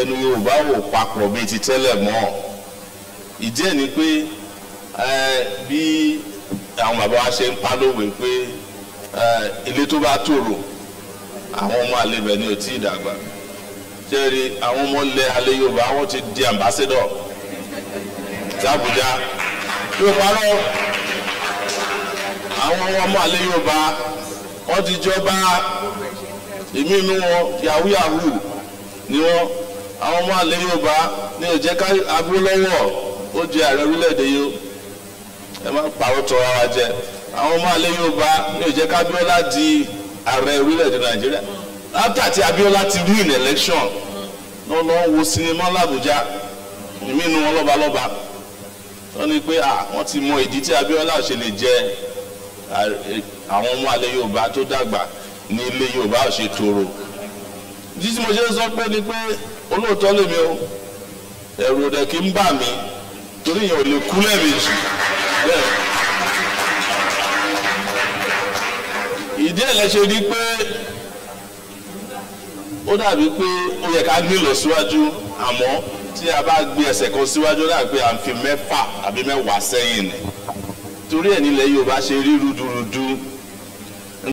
ẹnu yorùbá wò papọ̀ bíi ti tẹ́lẹ̀ mọ́ ìdí ẹ̀ ni pé bí àwọn bàbá wa ṣe ń pa lówe pé ilé tó bá tòrò àwọn ọmọ àlebẹ̀ ni ò tí ì dàgbà jẹ́rí àwọn ọmọ ilẹ̀ alẹ́ yorùbá wọ́n ti di ambassador ti Àbújá yóò parọ́ àwọn ọmọ alẹ́ yorùbá wọ́n ti jọba ìmínú wọn yahoo yahoo ni wọ́n àwọn ọmọ àlè Yorùbá ni ò jẹ́ ká abú lọ́wọ́ ó jẹ ààrẹ orílẹ̀-èdè yìí ẹ má pàrọ̀ tọ́ ara jẹ àwọn ọmọ àlè Yorùbá ni ò jẹ́ ká Abíọ́lá di ààrẹ orílẹ̀-èdè Nàìjíríà látà tí Abíọ́lá ti win election ní wọ́n lọ wo sinimá làbújá ìmí inú wọn lọ́balọ́ba wọ́n ní pé wọ́n ti mọ ìdí tí Abíọ́lá ò ṣe lè jẹ àwọn ọmọ àlè Yorùbá tó dàgbà ní ilé Yorùbá ò ṣe tòrò jí tí mo ṣe ń sọ pé ni pé olóòótọ́ lèmi o ẹ̀rù òdẹ kì í bà mí torí yẹn ò lè kú lẹ́ẹ̀mejì bẹ́ẹ̀. ìdí ẹ̀ lẹ́sẹ̀ ni pé ó dàbí pé ó yẹ ká gbé lọ síwájú àmọ́ tí a bá gbé ẹsẹ̀ kan síwájú náà pé à ń fi mẹ́fà àbí mẹ́wàá sẹ́yìn ni torí ẹ̀ nílẹ̀ Yorùbá ṣe rí rúdurùdu.